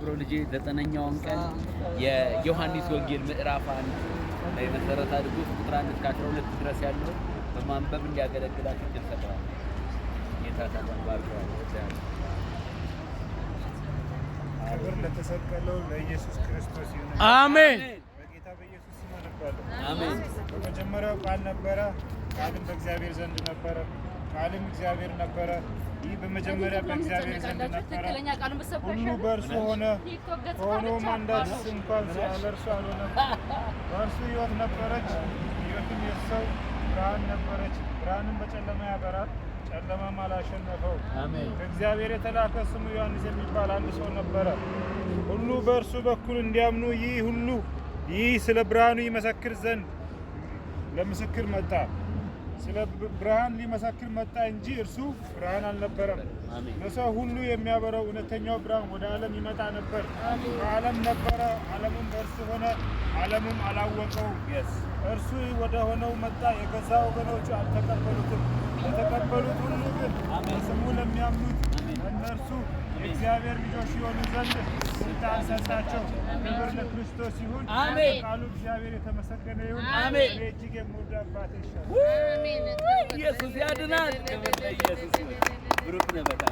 ብሮ ልጄ ዘጠነኛውን ቀን የዮሐንስ ወንጌል ምዕራፍ አንድ ላይ መሰረት አድርጎ ቁጥር አንድ እስከ አስራ ሁለት ድረስ ያለው በማንበብ እንዲያገለግላችሁ እድል ሰጠዋል። ጌታ ተባርከዋል። ክብር ለተሰቀለው ለኢየሱስ ክርስቶስ ይሁን። አሜን። በጌታ በኢየሱስ ስም አሜን። በመጀመሪያው ቃል ነበረ፣ ቃልም በእግዚአብሔር ዘንድ ነበረ ቃልም እግዚአብሔር ነበረ፣ ይህ በመጀመሪያ በእግዚአብሔር ዘንድ ነበረ፣ ሁሉ በእርሱ ሆነ፣ ከሆነውም አንዳች እንኳን ለእርሱ አልሆነም። በእርሱ ሕይወት ነበረች፣ ሕይወትም የሰው ብርሃን ነበረች። ብርሃንም በጨለማ ያበራል፣ ጨለማም አላሸነፈው። ከእግዚአብሔር የተላከ ስሙ ዮሐንስ የሚባል አንድ ሰው ነበረ። ሁሉ በእርሱ በኩል እንዲያምኑ ይህ ሁሉ ይህ ስለ ብርሃኑ ይመሰክር ዘንድ ለምስክር መጣ። ስለ ብርሃን ሊመሰክር መጣ እንጂ እርሱ ብርሃን አልነበረም። ለሰው ሁሉ የሚያበረው እውነተኛው ብርሃን ወደ ዓለም ይመጣ ነበር። ከዓለም ነበረ፣ ዓለሙም በእርሱ ሆነ፣ ዓለሙም አላወቀው። እርሱ ወደ ሆነው መጣ፣ የገዛ ወገኖቹ አልተቀበሉትም። የተቀበሉት ሁሉ ግን በስሙ ለሚያምኑት እነርሱ የእግዚአብሔር ልጆች የሆኑ ዘንድ ስልጣን ሰጣቸው። ክብር ለክርስቶስ ይሁን። ቃሉ እግዚአብሔር የተመሰገነ ይሁን። እጅግ የምወደው አባቴ ይሻል ኢየሱስ ያድናል። ክብር ለኢየሱስ። ብሩክ ነበታ